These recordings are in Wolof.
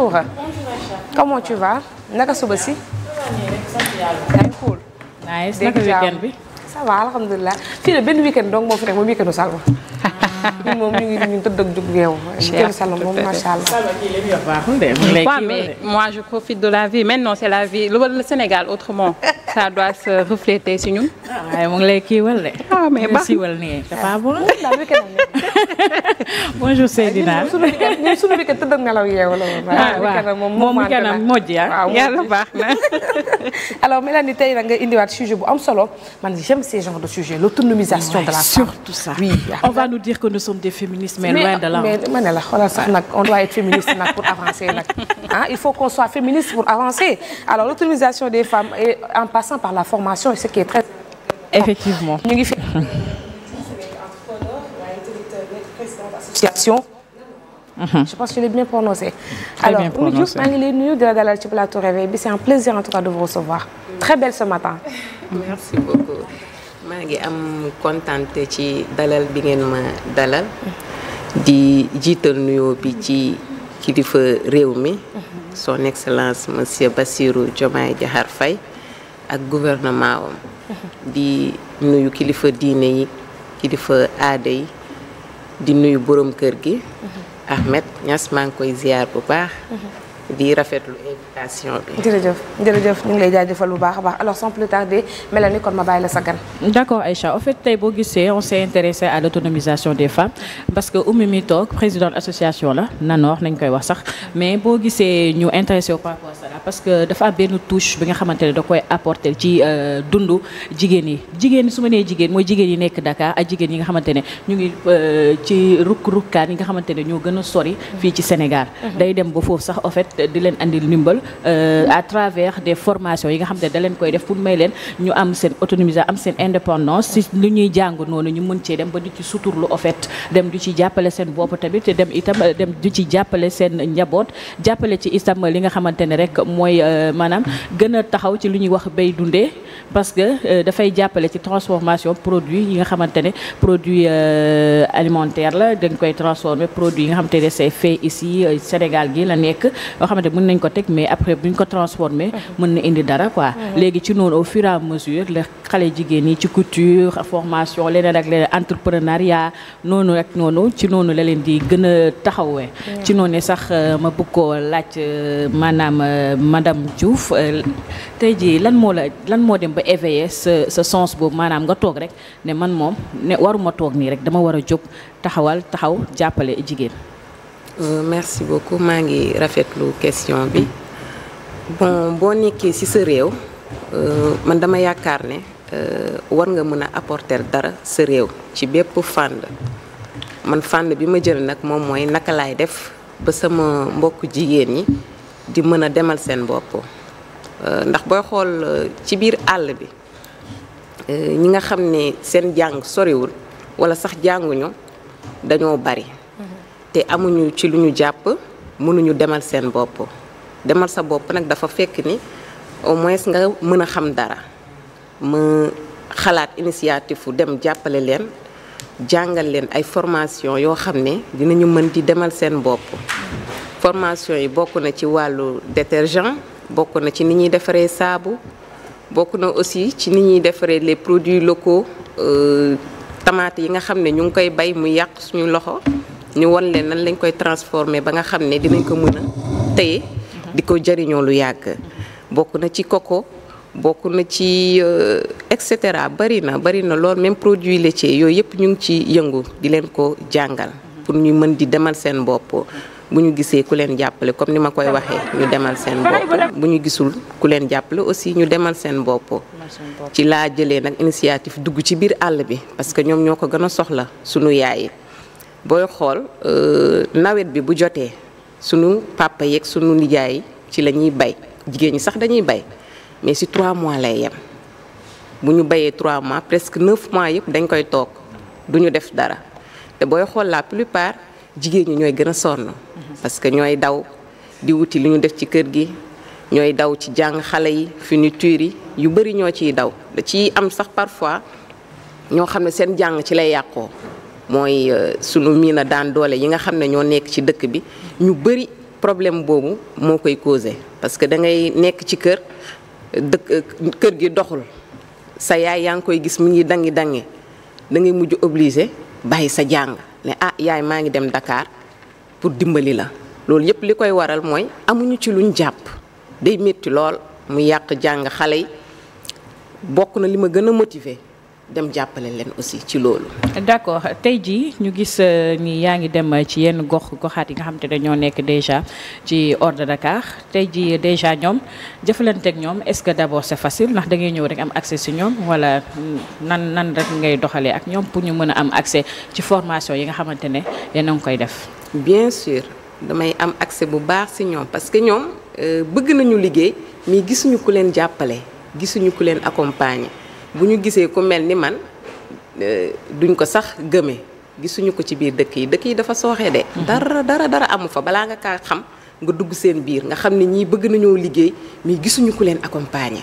bonjour. Bonjour Aïcha. comment tu vas. naka suba si. yaa ngi cool. nice naka weekend bi. ça va alhamdulilah fii de benn weekend donc moo fi nekk moom weekendu Salma. ñun moom ñu ngi ñu tëdd ak jug yeewu. incha allah moom macha allah. waaw mais moi je profite de la vie maintenant c'est la vie le Sénégal autrement. ça a se refléter si ñun. waaye mu ngi lay kiiwal de. ah mais baax siiwal nii dafa bon. bonjour Seydina. ñun bi kat tëdd ngelaw yeewu la ah, woon. Ah. waaw moom mi kanam mojj ah yàlla baax na. alors mi tey nag nga indiwaat sujet bu am solo man j'aime ces genres de sujets l'autonomisation de la femme. surtout ça oui. Ah. on va nous dire que nous sommes des féministes mais loin de là. mais ma ne la on doit être féministe nag pour avancer il faut qu'on soit féministe pour avancer alors l'autonomisation des femmes passant par la formation et ce qui est très. effectivement ñu ngi fi. association. Mhm. je pense que je l'ai bien prononcé. très bien prononcé maa ngi lay nuyu di la dalal ci plateau réveil bi c'est un plaisir en tout cas de vous recevoir. très belle ce matin. merci beaucoup maa ngi am contente ci dalal bi ngeen ma dalal. di jiital nuyoo bi ci kilifa réew mi. Mhm. son excellence monsieur Bassirou Diomaye Diakhar fay ak gouvernement wam di nuyu kilifa diine yi kilifa aada yi di nuyu borom kër gi mhm. Ahmed Niass maa ngi koy ziar bu baax mhm. di rafetlu invitation bi. jërëjëf jërëjëf ñu ngi lay jaajëfal bu baax a baax alors sans plus tarder Mélanie kon ma bàyyi la sa gan. d'accord Aïcha en fait tey boo gisee on s'est intéressé à l'autonomisation des femmes parce que Oumy mi toog présidente association la Nanor nañ koy wax sax mais boo gisee ñu intéressé wu parce que dafa am benn touche bi nga xamante ne da koy apporter ci euh, dundu jigéen yi jigéen ñi su ma nee jigéen mooy jigéen yi nekk Dakar ak jigéen yi nga xamante ne ñu ngi euh, ci rukk rukkaan yi nga xamante ne ñoo gën a sori. fii ci Sénégal. Mhm. di leen andil ndimbal euh, à travers des formation yi nga xam ne da leen koy def pour may leen ñu am seen autonomisation am seen indépendance si lu ñuy jàng noonu ñu mën cee dem ba di ci suturlu en fait dem du ci jàppale seen bopp tamit dem itam euh, dem du ci jàppale seen njaboot jàppale ci itam li nga xamante ne rek mooy euh, maanaam gën a taxaw ci lu ñuy wax bay dundee parce que dafay jàppale ci transformation produits yi nga xamante ne produit alimentaire la dañ koy transformer produit yi nga xamante ne c'est fait Sénégal gi xamante mën nañ ko teg mais après buñ ko transformer mhm. mën na indi dara quoi mhm. léegi ci noonu au fur et à mesure la xale jigéen yi ci couture formation leneen ak leneen entrepreneuriat noonu rek noonu ci noonu la leen di gën a taxawee mhm. ci noonu sax euh, ma bëgg ko laaj euh, maanaam euh, madame Diouf tey jii lan moo la lan moo dem ba éveiller sa sa sens boobu maanaam nga toog rek ne man moom ne waruma toog nii rek dama war a jóg taxawal taxaw jàppale jigéen Euh, merci beaucoup maa ngi rafetlu question bi bon boo nekkee ci sa réew euh, man dama yaakaar ne euh, war nga mën a apporter dara sa réew ci bépp fànn man fànn bi ma jël nag moom mooy naka laay def ba sama mbokk jigéen ñi di mën a demal seen bopp ndax booy xool ci biir àll bi ñi nga xam ne seen jàng soriwul walla sax jànguñu dañoo bari te amuñu ci lu ñu jàpp mënuñu demal seen bopp demal sa bopp nag dafa fekk ni au moins nga mën a xam dara ma xalaat initiative fu dem jàppale leen jàngal leen ay formation yoo xam ne dinañu mën di demal seen bopp formation yi bokk na ci wàllu détergent bokk na ci ni ñuy defaree saabu bokk na aussi ci ni ñuy defaree les produits locaux euh, tamaate yi nga xam ne ñu ngi koy bay mu yàq suñu loxo ñu won leen nan lañ koy transformer ba nga xam ne dinañ ko mën a di ko jëriñoo lu yàgg bokk na ci coco bokk na ci euh, et cetera bari na bari na lool même produit laitier yooyu yëpp ñu ngi ci yëngu di leen ko jàngal pour ñu mën di demal seen bopp bu ñu gisee ku leen jàppale comme ni ma koy waxee ñu demal seen bopp bu ñu gisul ku leen jàppale aussi ñu demal seen bopp ci laa jëlee nag initiative dugg ci biir àll bi parce que ñoom ñoo ko gën a soxla sunu yaay booy xool euh, nawet bi bu jotee sunu papa yeeg sunu nijaay ci la ñuy bay jigéen ñi sax dañuy bay mais si 3 mois lay yem bu ñu bayee 3 mois presque 9 mois yëpp dañ koy toog du ñu def dara te booy xool la plupart jigéen ñi ñooy gën a sonn. parce que ñooy daw di wuti lu ñu def ci kër gi ñooy daw ci jàng xale yi fourniture yi yu bëri ñoo ciy daw da ciy am sax parfois ñoo xam ne seen jàng ci lay yàqoo. mooy euh, sunu miina daan doole yi nga xam ne ñoo nekk ci dëkk bi ñu bëri problème boobu moo koy causé parce que da ngay nekk ci kër dëkk kër gi doxul sa yaay yaa ngi koy gis mu ngi dangi dangi da ngay mujj obligé bàyyi sa jàng ne ah yaay maa ngi dem Dakar pour dimbali la loolu yëpp li koy waral mooy amuñu ci luñ jàpp day métti lool mu yàq jàng xale yi bokk na li ma gën a motiver dem jàppale leen aussi ci loolu. d'accord tey jii ñu gis euh, nii yaa ngi dem euh, ci yenn gox goxaat yi nga xamante ne ñoo nekk déjà ci hors de Dakar tey jii euh, déjà ñoom jëfalanteeg ñoom est-ce que d'abord c'est facile ndax da ngay ñëw rek am accès si ñoom wala nan nan rek ngay doxalee ak ñoom pour ñu mën a am accès ci formation yi nga xamante ne yéen a ngi koy def. bien sûr damay am accès bu baax si ñoom parce que ñoom bëgg nañu liggéey mais gisuñu ko leen jàppale gisuñu ko leen accompagner. bu ñu gisee ku mel ni man euh, duñ ko sax gëmee gisuñu ko ci biir dëkk yi dëkk yi dafa sooxee de. Mhm. dara dara dara amu fa balaa nga kaa xam nga dugg seen biir nga xam ne ñii bëgg nañoo liggéey mais gisuñu ko leen accompagner.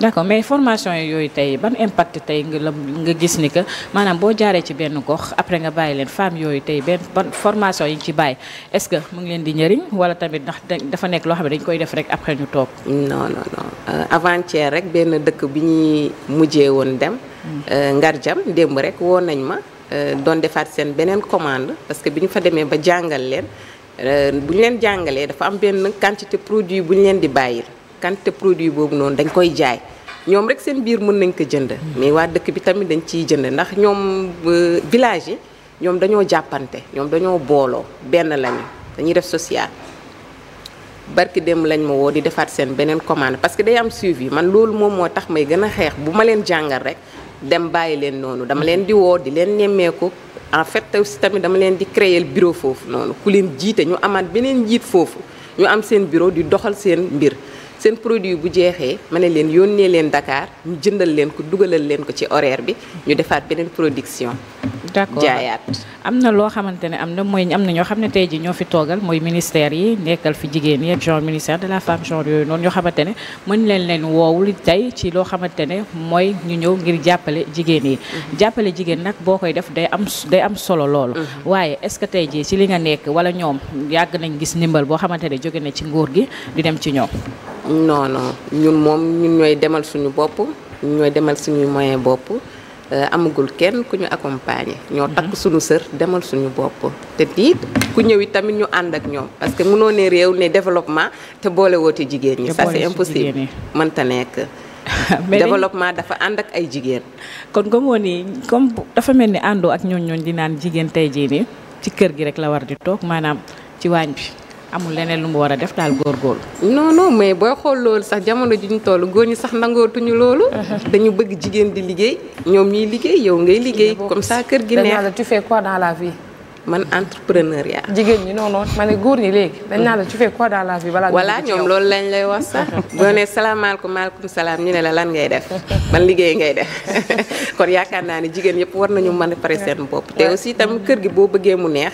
d'accord mais formation yooyu tey ban impact tey nga la nga gis ni que maanaam boo jaaree ci benn gox après nga bàyyi leen femmes yooyu tey benn ban formation yi ci bàyyi est-ce que mu ngi leen di njëriñ wala tamit ndax dafa nekk loo xam ne dañ koy def rek après ñu toog. non non non euh, avant-hier rek benn dëkk bi ñuy mujjee woon dem. Hmm. Euh, Ngarjam démb rek woo nañ ma euh, doon defaat seen beneen commande parce que bi ñu fa demee ba jàngal leen bu ñu leen jàngalee dafa am benn quantité produit bu ñu leen di bàyyil. quantité produit boobu noonu dañ koy jaay ñoom rek seen biir mën nañ ko jënd mais waa dëkk bi tamit dañ ciy jënd ndax ñoom euh, village yi ñoom dañoo jàppante ñoom dañoo booloo benn lañu dañuy def social barki dem lañ ma woo di defaat seen beneen commande parce que day am suivi man loolu moom moo tax may gën a xeex bu leen jàngal rek dem bàyyi leen noonu dama leen di woo di leen nemmeeku en fait aussi tamit dama leen di créer bureau foofu noonu ku leen jiite ñu amaat beneen njiit foofu ñu am seen bureau di doxal seen mbir seen produit bu jeexee ma ne leen yónnee leen Dakar ñu jëndal leen ko dugalal leen ko ci horaire bi ñu defaat beneen production. d'accord jaayaat. am na loo xamante ne am na mooy am na ñoo xam ne tey jii ñoo fi toogal mooy yi nekkal fi jigéen yi ak de la femme yooyu noonu ñoo xamante ne mën leen leen woowul tey ci loo xamante ne mooy ñu ñëw ngir jàppale jigéen yi. Mm-hmm. jàppale jigéen nag boo koy def day am day am solo loolu. Mm-hmm. waaye est-ce que tey jii ci li nga nekk wala ñoom yàgg nañ gis ndimbal boo xamante ne jóge na ci nguur gi di dem ci ñoom. non ñun moom ñu ñooy demal suñu bopp ñooy demal suñu moyen bopp euh, amagul kenn ku ñu accompagner. ñoo takk mhm. suñu sër demal suñu bopp. te diit ku ñëw it tamit ñu ànd ak ñoom parce que mënoo ne réew ne développement te boole woote jigéen ñi. ça c'est impossible mënta nekk. développement dafa ànd ak ay jigéen. kon nga woon nii comme dafa mel ni àndoo ak ñooñu ñooñu di naan jigéen tey jii nii ci kër gi rek la war di toog maanaam ci waañ bi. amul leneen lu mu war a def daal góorgóorlu. non non may booy xool loolu sax jamono ji ñu toll góor ñu sax nangootuñu loolu. dañu bëgg jigéen di liggéey ñoom ñuy liggéey yow ngay liggéey. comme ça kër gi neex la tu fais quoi la vie. man entrepreneuriat. jigéen ñi non non ma góor ñi léegi. dañ naa la tu fais quoi la vie balaa. voilà ñoom loolu lañ lay wax sax. boo nee salaamaaleykum salaam ñu ne la lan ngay def man liggéey ngay def kon yaakaar naa ne jigéen yëpp war nañu mën a pare seen bopp. te aussi tam kër gi boo bëggee mu neex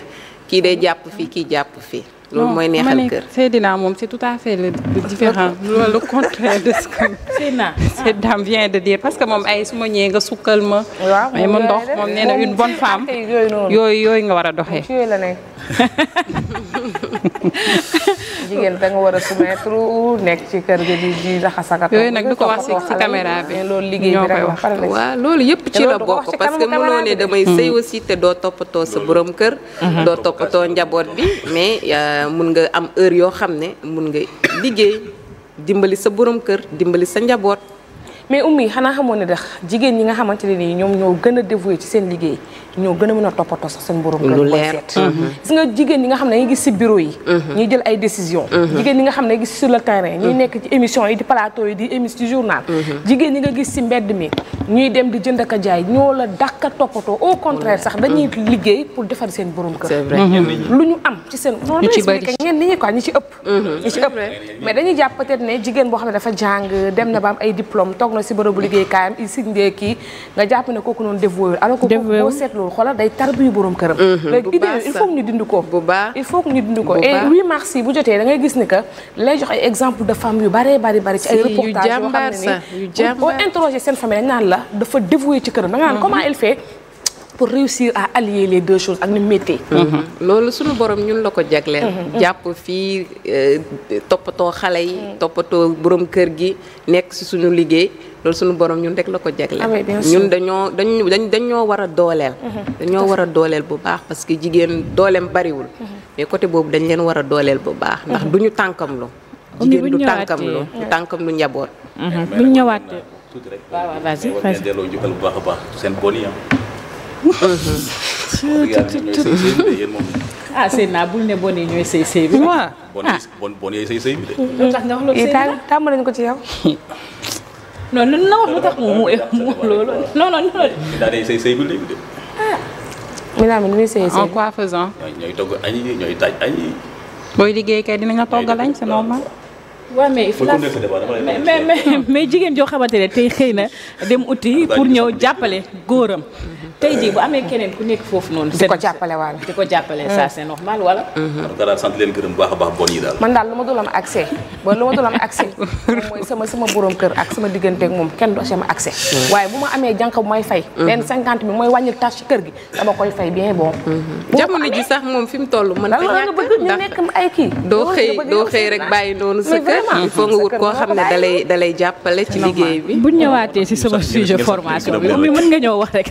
kii day jàpp fii kii jàpp fii. loolu mooy neexal kër Seydina moom c'est tout à fait le différent loolu le contraire de de parce que moom ay su ma nga sukkal ma may ma ndox moom yooyu yooyu nga war a doxee jigéen da nga war a soumettre nekk ci kër ga di di raxasaka yooyu nag du ko wax ci caméra bi loolu liggéey bi wax waaw loolu yëpp ci la bokk parce que mënoo ne damay sëy hmm. aussi te doo toppatoo sa borom kër hmm. doo toppatoo njaboot bi mais euh, mun nga am heure yoo xam ne mun nga liggéey dimbali sa borom kër dimbali sa njaboot mais ummi xanaa xamoon ne dax jigéen ñi nga xamante ne nii ñoom ñoo gën a dévoué ci seen liggéey ñoo gën a mën leer mhm. gis nga ñi nga xam ne dañuy gis si bureau yi mhm. ñuy jël ay décision mhm. jigéen ñi nga xam ne gis sur le terrain ñuy nekk ci émission yi di plateau yi di émission di journal jigéen ñi nga gis si mbedd mi ñuy dem di jënd ak a jaay ñoo la dàkk a toppatoo au contraire sax dañuy liggéey pour defar seen borom kër lu ñu am ci seen noonu expliqué ñeen nit ñi quoi ñi ci ñi ci ëpp mais dañuy jàpp peut-être ne jigéen boo xam ne dafa jàng dem na ba am ay diplôme toog na la si bërëbu liggéeykaayam il signe des kii nga jàpp ne kooku noonu dévoué alors que kooku boo seet loolu xoolal day tarbiyu borom këram mhm. léegi idée il faut que ñu dindi ko il faut que ñu dindi ko et 8 mars yi bu jotee da gis ni que lay jox ay exemple de femmes yu bari bëri bëri ci ay reportage yoo xam ne ni boo interroger seen famille dañ naan la dafa dévoué ci këram da naan mhm. comment elle pour réussir à allier les deux choses ak ni métier. Mhm. loolu suñu borom ñun la ko jagleel. Mhm. Mhm. jàpp fii euh, toppatoo xale yi. toppatoo boroom kër gi nekk ci suñu liggéey. loolu sunu borom ñun rek la ko jagleel ah ñun dañoo dañ dañ dañoo war a dooleel dañoo war dooleel bu baax parce que jigéen dooleem bariwul mais côté boobu dañ leen war a dooleel bu baax ndax du ñu tànkam lu jigéen du tànkam lu du tànkam lu njaboot ah Seydina bul ne bon yi ñooy sëy sëy bi. waaw ah bon bon yooyu sëy sëy bi de. lu tax nga wax loolu eh, Seydina tàmm nañu ko ci yow. non lu na wax lu tax mu mu loolu non non non. daal day sëy sëy bi léegi de. ah. mi naa mi ni muy sëy sëy. en quoi faisant. ñooy togg añ yi ñooy taaj añ yi. booy liggéey kay dinañ la toggal añ c'est normal. waaw mais jigéen joo xamante ne tey xëy na dem uti pour ñëw jàppale góoram. tey jii bu amee keneen ku nekk foofu noonu. di ko jàppale wala ko jàppale ça c'est normal mm-hmm. wala. daal a baax bon man daal lu ma dul am accès bon lu sama sama kër ak sama diggante moom kenn du sama accès. waaye bu ma amee jànq bu may fay. Mm-hmm. benn cinquante bi mooy wàññil tâche ci kër gi dama koy fay bien bon. Mm-hmm. jamono ji sax moom fi mu toll mën na ñàkk ndax doo xëy doo xëy rek bàyyi noonu sa kër vraiment il faut nga wut koo xam ne dalay jàppale ci liggéey bi. bu ñëwaatee si sama sujet formation bi moom mën nga ñëw wax rek.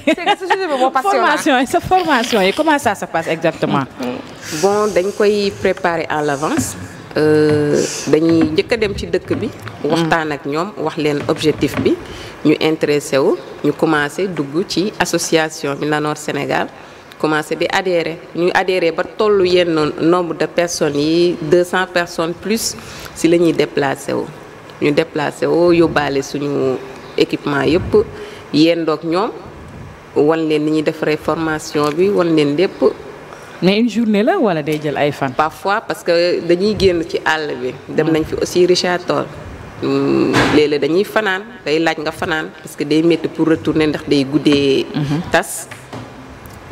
formation yi sa formation yi comment ça se passe exactement. Mm. bon dañ koy préparer à l'avance euh, dañuy njëkk a dem ci dëkk bi. waxtaan ak ñoom wax leen objectif bi ñu intéressé wu ñu commencé dugg ci association bi Nanor Sénégal. commencé di adhérer ñu adhérer ba tollu yenn nombre de personnes yi 200 personnes plus si la ñuy déplacé wu. ñu déplacé woo yóbbaale suñu équipement yëpp yendoog ñoom wan leen ni ñuy defaree formation bi wan leen lépp. mais une journée la wala day jël ay fan. parfois parce que dañuy génn ci àll bi. dem mm. nañ fi aussi Richard Toll. Mm, léeg dañuy fanaan day laaj nga fanaan parce que day métti pour retourner ndax day guddee. Mm-hmm. tas.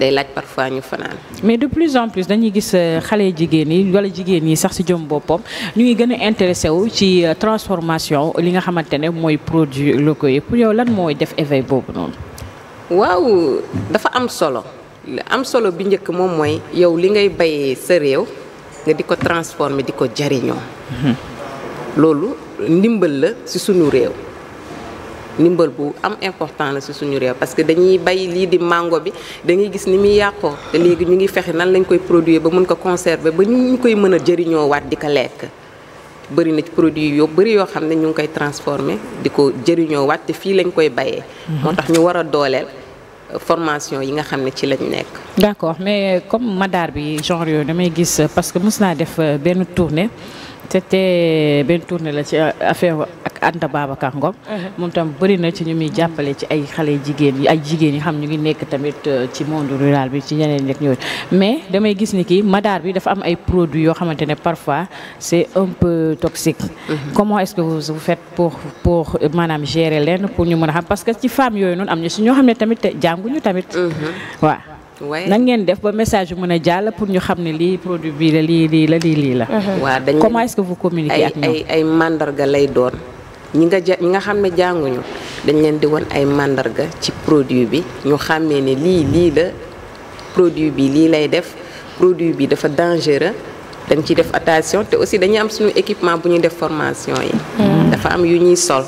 day laaj parfois ñu fanaan. mais de plus en plus dañuy gis euh, xale jigéen yi wala jigéen yi sax si jom boppam ñu ngi gën a intéressé wu ci euh, transformation li nga xamante ne mooy produit locaux yi pour yow lan mooy def éveil boobu noonu. waaw dafa am solo am solo bi njëkk moom mooy yow li ngay bay sa réew nga di ko transformer di ko jariñoo. Mhm. loolu ndimbal la si sunu réew. ndimbal bu am important la si suñu réew parce que dañuy bay lii di mango bi dañuy gis ni muy yàqoo te léegi ñu ngi fexe nan lañ koy produire ba mun ko conserver ba ñu koy mën a jëriñoo waat di ko lekk bëri na ci produit yoo bëri yoo xam ne ñu ngi koy transformer di ko jëriñoo waat te fii lañ koy bayee mhm. moo tax ñu war a dooleel formation yi nga xam ne ci lañ nekk. d'accord mais comme madaar bi genre yooyu damay gis parce que mos naa def euh, benn tournée te c'était benn tournée la ci euh, affaire ak Anta Babacar Ngom. Uh-huh. moom tam bëri na ci ñu muy jàppale ci ay xale jigéen yi ay jigéen yi xam ñu ngi nekk tamit euh, ci monde rural bi ci ñeneen ñi ak mais damay gis ni kii madaar bi dafa am ay produits yoo xamante ne parfois c'est un peu toxique. Uh-huh. comment est-ce que vous vous faites pour pour maanaam leen pour ñu mën a xam parce que ci femmes yooyu noonu am na si ñoo xam ne tamit jànguñu tamit. Uh-huh. waaw. nan ngeen def ba message yu mën a jàll pour ñu xam ne lii produit bi la lii lii la lii lii la. Mhm. Mhm. waaw dañuy comment est-ce que vous communiquez ak ñoom ay ay mandarga lay doon ñi nga ja ñi nga xam ne jànguñu dañ leen di won ay mandarga ci produit bi ñu xàmmee ne lii lii la produit bi lii lay def produit bi dafa dangereux dañ ci def attention te aussi dañuy am suñu équipement bu ñuy def formation yi. Mhm. dafa am yu ñuy sol.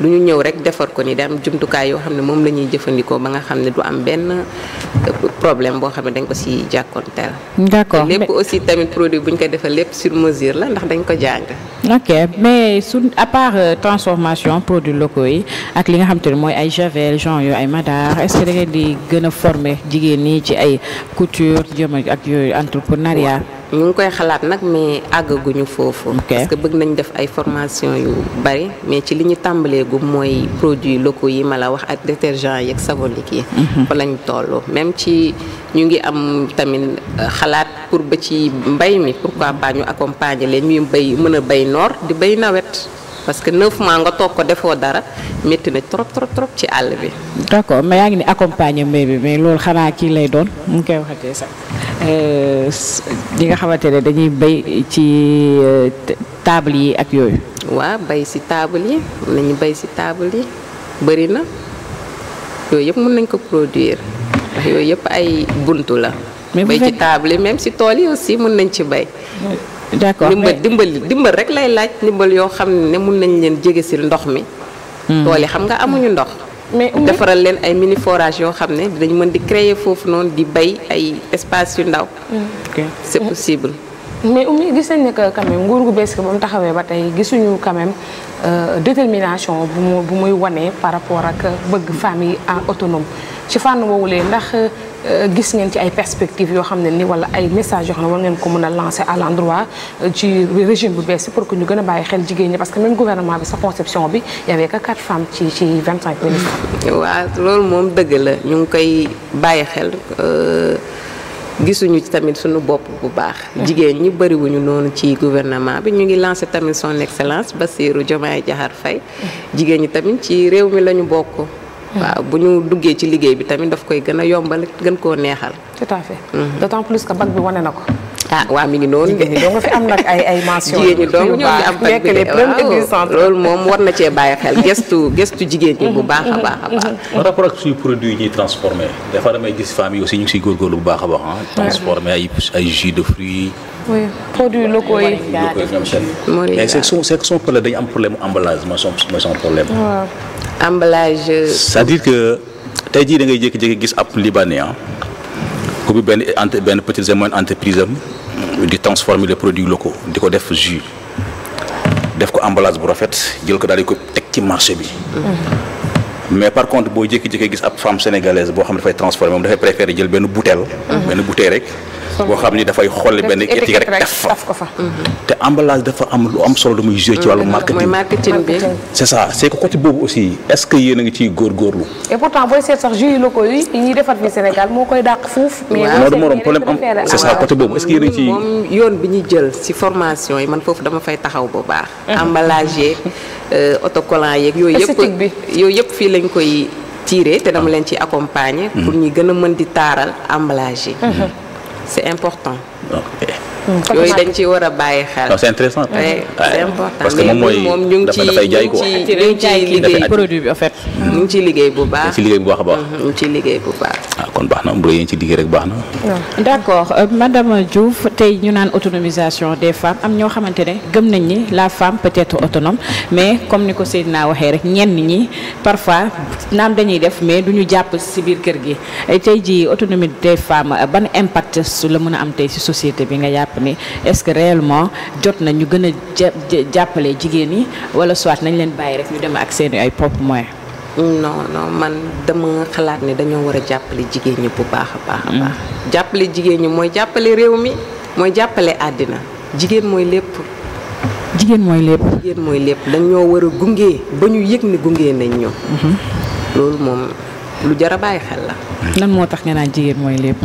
lu ñu ñëw rek defar ko ni day jumtukaay yoo xam ne moom la ñuy jëfandikoo ba nga xam ne du am benn euh, problème boo xam ne dañ ko si jàkkoonteel. d'accord lépp aussi tamit produit bu ñu ko defal lépp sur mesure la ndax dañ ko jàng. ok mais su à euh, transformation produit loo yi ak li nga xam te ne mooy ay javel genre yooyu ay madar est-ce di gën a former jigéen ñi ci ay couture jëm ak yooyu entrepreneuriat. ñu ngi koy xalaat nag mais àggaguñu foofu. parce bëgg nañ def ay formation yu bari mais ci li ñu tàmbalee gu mooy produits locaux yi ma la wax ak détergent yeeg savon liquide yi. Mhm. fa lañ toll même ci ñu ngi am tamit euh, xalaat pour ba ci mbay mi pourquoi pas ñu accompagner leen ñuy bay mën a bay noor di bay nawet. parce que neuf maa nga toog ko defoo dara métti na trop trop trop ci àll bi. d' accord mais yaa ngi ni accompagner mbay bi mais loolu xanaa kii lay doon mu ngi koy waxatee sax li euh, nga xamante ne dañuy bay ci euh, table yi ak yooyu. waa bay si taabal yi nañu bay si table yi bëri na yooyu yëpp mën nañ ko produire ndax yooyu yëpp ay buntu la. mais bay ci table yi même si tool yi aussi mën nañ ci bay. d'accord ndimbal dimbali dimbal rek lay laaj ndimbal yoo xam ne mun nañ leen jege si ndox mi. Hmm. tool xam nga amuñu ndox. mais defaral leen ay mini forage yoo xam ne dinañ mën di créer foofu noonu di bay ay espace yu ndaw. Hmm. ok c'est possible. mais Oumy gis nañ a que nguur gu bees gi ba mu taxawee ba tey gisuñu quand Euh, détermination bu mu bu muy wane par rapport ak bëgg famille en autonome ci fànn woowulee ndax euh, gis ngeen ci ay perspectives yoo xam ne ni wala ay messages yoo xam ne war ngeen ko mun a lancer à l'endroit euh, ci régime bu bees pour que ñu gën a bàyyi xel jigéen ñi parce que même gouvernement bi sa conception bi y avait que quatre femmes ci ci vingt cinq loolu moom dëgg la ñu ngi koy bàyyi xel. gisuñu ci tamit suñu bopp bu baax. jigéen ñi bëriwuñu noonu ci gouvernement bi ñu ngi lancé tamit son excellence Bassirou Diomaye Diakhar fay jigéen ñi tamit ci réew mi lañu bokk. waaw bu ñu duggee ci liggéey bi tamit daf koy gën a yombal gën koo neexal. tout à fait. Mm-hmm. d'autant plus ko. ah waa mi ngi noonu. jigéen fi am nag ay ay mentions jigéen ñi donc ñu loolu moom war na cee bàyyi xel gëstu gëstu jigéen ñi bu baax a baax a baax. par mm-hmm. rapport ak suñu produit yi ñuy transformé dafa damay gis famille aussi ñu ngi siy góorgóorlu bu baax a baax ah. transformé ay ay de fruits. oui produits locaux yi. locaux yi mais c'est son c'est son problème dañu am problème mu emballage mooy son mooy son problème. waaw emballage. Euh, cest que tey jii da ngay jékki-jékki gis ab libanais ubbi benn ent benn petite et entreprise am di transformer les produits locaux di ko def jus def ko emballage bu rafet jël ko daal di ko teg ci marché bi. mais par contre boo jékki-jékki gis ab femme sénégalaise boo xam dafay transformer moom dafay préférer jël benn bouteille. Mm-hmm. benn bouteille rek. boo xam ni dafay xolli benn étiquette rek def ko fa mhm. te emballage dafa am lu am solo lu muy joué ci mhm. wàllu marketing bi c'est ça c'est que boobu aussi est-ce que yéen a ngi ciy góorgóorlu et pourtant booy seet sax jus locaux yi ñuy defar fi moo koy dàq fuuf mais moo a ngi ciy moom yoon bi ñu jël ci formation yi man foofu dama fay taxaw bu baax mhm. emballage yeeg euh, autocollant yeeg yooyu yëpp yooyu yëpp fii lañ koy tiire te dama ah. leen ci accompagner pour ñu gën a mën di taaral emballage yi c'est important. Okay. Hmm. yooyu dañ ci war a bàyyi xel. non c'est que moom mooy dafay jaay quoi ñu ngi ciy bi en fait. ñu liggéey bu baax ci liggéey bu baax a baax. Hmm, ñu ngi ciy liggéey bu baax. ah kon baax na bu yéen ci euh, tey ñu naan autonomisation des femmes am ñoo xamante ne gëm nañ ñi la femme peut être autonome mais comme ni ko Seydina waxee rek ñenn ñi parfois naam dañuy def mais du ñu jàpp ci biir kër gi tey ji autonomie des femmes ban impact su la mën a am tey ci société bi nga yàpp jàpp ni est que réellement jot na ñu gën a jàppale jigéen yi wala soit nañ leen bàyyi rek ñu dem ak seen ay propres moyens. non non man dama xalaat ne dañoo war a jàppale jigéen ñi bu baax a baax a mm-hmm. baax. jàppale jigéen ñi mooy jàppale réew mi mooy jàppale àddina jigéen mooy lépp. jigéen mooy lépp. jigéen mooy lépp dañoo war a gunge ba ñu yëg ni gunge nañ ñu. Mm-hmm. loolu moom. lu jar a bàyyi xel la. lan moo tax nga naan jigéen mooy lépp.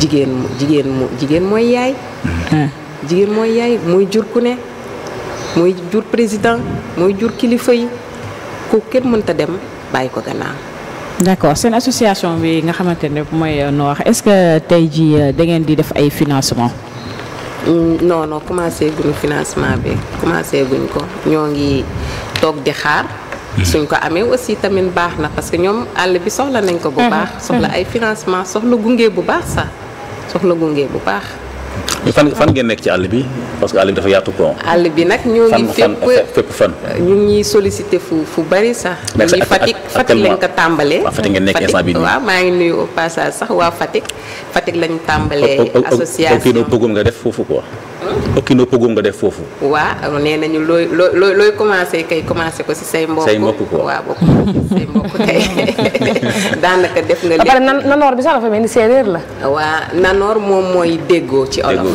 jigéen jigéen jigéen mooy yaay. jigéen mooy yaay mooy jur ku ne mooy jur président mooy jur kilifa yi ko kenn mënta dem bàyyi ko gannaaw. d'accord seen association bi nga xamante ne mooy euh, Noor est-ce que tey jii euh, dangeen di def ay financement mm, non non commencé financement bi commencé guñ ko ñoo ngi toog di xaar. suñ ko amee aussi tamit baax na parce que ñoom àll bi soxla nañ ko bu mhm. baax soxla mhm. ay financement soxla gunge bu baax sax soxla gungee bu baax fan fan ngeen nekk ci àll bi parce que àll bi dafa yaatu ko àll bi nag ñoo ngi fépp fépp fan ñu ngi sollicité fu fu bëri sax ñu ngi Fatick Fatick lañ ko tàmbalee Fatick ngeen nekk instant bi waaw maa ngi nuyu au sax waa Fatick Fatick lañ tàmbalee association kii doo bëggoon nga def foofu ko okkino pogo nga def foofu. waaw nee nañu looy looy looy commencé kay commencé ko si say mbokk. say mbokk ko waaw bokk say mbokk kay daanaka def nga. lépp ba pare nanoor bi sax dafa mel ni la. waaw nanoor moom mooy déggoo ci olof.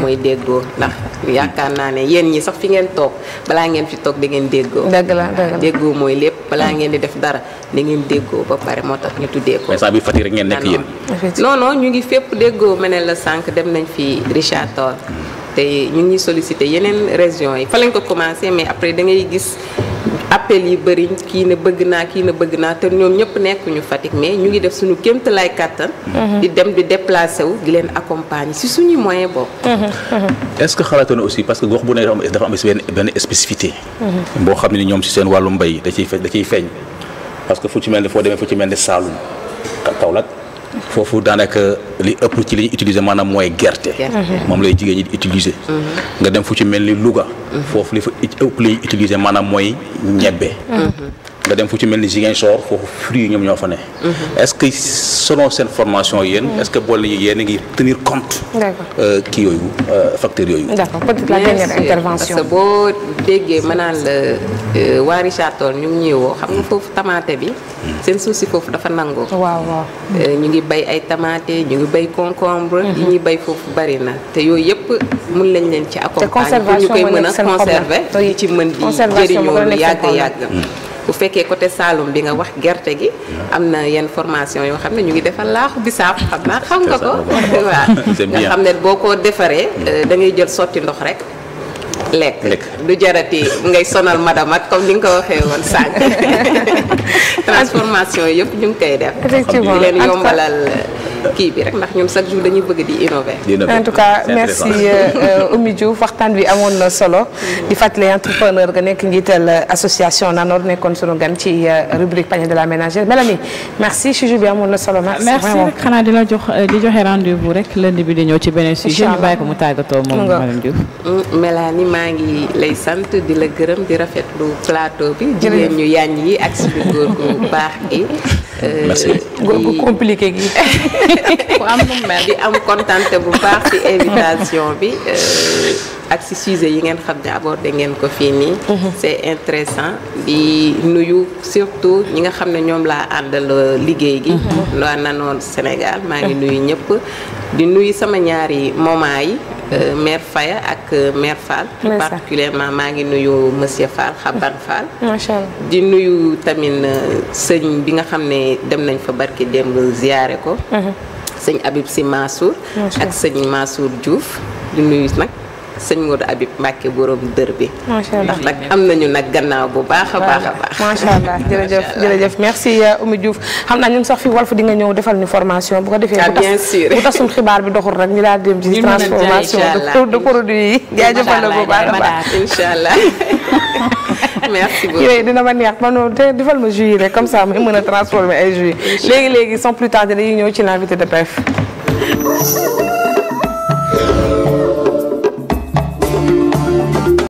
mooy déggoo ndax yaakaar naa ne yéen ñi sax fi ngeen toog balaa ngeen fi toog da ngeen déggoo. dëgg la dëgg la déggoo mooy lépp balaa ngeen di def dara da ngeen déggoo ba pare moo tax ñu tuddee ko. mais saa bi Fatick rek ngeen nekk yéen. non ñu ngi fépp déggoo ma la sànq dem nañ fi Richard Toll. sollicité ñu ngi solicité yeneen région yi fa lañ ko commencé mais après da ngay gis appel yi bëri kii ne bëgg naa kii na bëgg naa te ñoom ñëpp nekkuñu Fatick mais ñu ngi def suñu kéemtalaay kàttan mhm. di dem di déplacé wu di leen accompagner si suñu moyen boobu. Mhm, mhm. est-ce que xalaatoon aussi parce que gox bu ne dafa am benn benn spécificité. boo xam ne ñoom si seen wàllu mbay da ciy da ciy feeñ parce que fu ci mel ne foo demee fu ci mel ne Saalum Kaolack foofu daanaka li ëpp ci li ñuy utiliser maanaam mooy gerte. moom lay jigéen ñi di mm-hmm. nga dem fu ci mel ni Louga. Mm-hmm. foofu li ëpp li ñuy utiliser maanaam mooy ñebbe. Mm-hmm. nga dem fu ci mel ni Ziguinchor foofu fruits yi ñoom ñoo fa ne. Mhm. est-ce que selon seen formation yéen. Mhm. est-ce que boole yi yéen a ngi tenir compte. Euh, kii yooyu euh, facteurs yooyu. d'accord peut-être parce que boo déggee ma naan la euh, waa Richard Toll ñu ngi ñuy woo xam mm. foofu tamaate bi. Mm. seen suuf si dafa nangoo. waaw waaw. Mm. ñu ngi bay ay tamaate ñu ngi bay concombre. Mm-hmm. yi ñuy bay foofu bari na te yooyu yëpp mun lañ leen ci accompagner. te conservation ñu koy mën a conserver. ci mën di jëriñoo yàgg yàgg. bu fekkee côté Saloum bi nga wax gerte gi am na yenn formation yoo xam ne ñu ngi defal laaxu bisaab xam naa xam nga ko waaw nga xam ne boo ko defaree mm. euh, da jël sotti ndox rek lekk du jarati ngay sonal madame ak comme ni nga ko waxee woon sànq transformation yëpp ñu ngi koy def effectivement leen yombalal euh, kii bi rek ndax ñoom chaque dañuy bëgg di innover. en tout cas merci euh, euh, Oumy Diouf waxtaan bi amoon na solo. di fàttali entrepreneur ga nekk njiital euh, association Nanor nekkoon sunu gan ci rubrique panier de la ménagère Mélanie merci sujet bi amoon na solo. merci merci xanaa di la jox di joxe rendez-vous rek lundi bi di ñëw ci beneen sujet. incha allah ñu bàyyi ko mu tàggatoo moom Madame Diouf. Mm, maa ngi lay sant di la gërëm di rafetlu plateau bi. jërëjëf jigéen ñu yaañ yi ak suñu góor gu baax gi. Euh, merci góor gu compliqué gi. ku am lu mel di am kontante bu baax ci invitation bi euh, ak ci sujet yi ngeen xam ne abordé ngeen ko fii nii. Mhm. c'est intéressant di nuyu surtout ñi nga xam ne ñoom laa àndal euh, liggéey gi. Mhm. loo nanoon Sénégal maa ngi nuyu ñëpp di nuyu sama ñaari moment yi. Euh, maire Faya ak euh, maire Fall. particulièrement maa ngi nuyu monsieur Fall xaban Fall. di nuyu tamit euh, sëñ bi nga xam ne dem nañ fa barki démb ziyaare ko. Mhm. sëñ Habib si Mansour. ak sëñ Mansour Diouf di nuyu nag sëñ Modou Habib Mbacke borom dër bi. macha allah ndax nag am nañu nag gannaaw bu baax a baax a baax. macha allah jërëjëf jërëjëf merci euh, Oumy Diouf xam naa ñun sax fi Walf di nga ñëw defal ñu formation bu ko defee. ah bien sûr bu tasum xibaar bi doxul rek ñu daal dem ci transformation de produit yi. jaajëfal na bu baax a baax incha allah merci beaucoup yooyu dina ma neex man moom te defal ma jus rek comme ça ma mën a transformer ay jus léegi léegi sans plus tarder dañuy ñëw ci l'invité de PEF.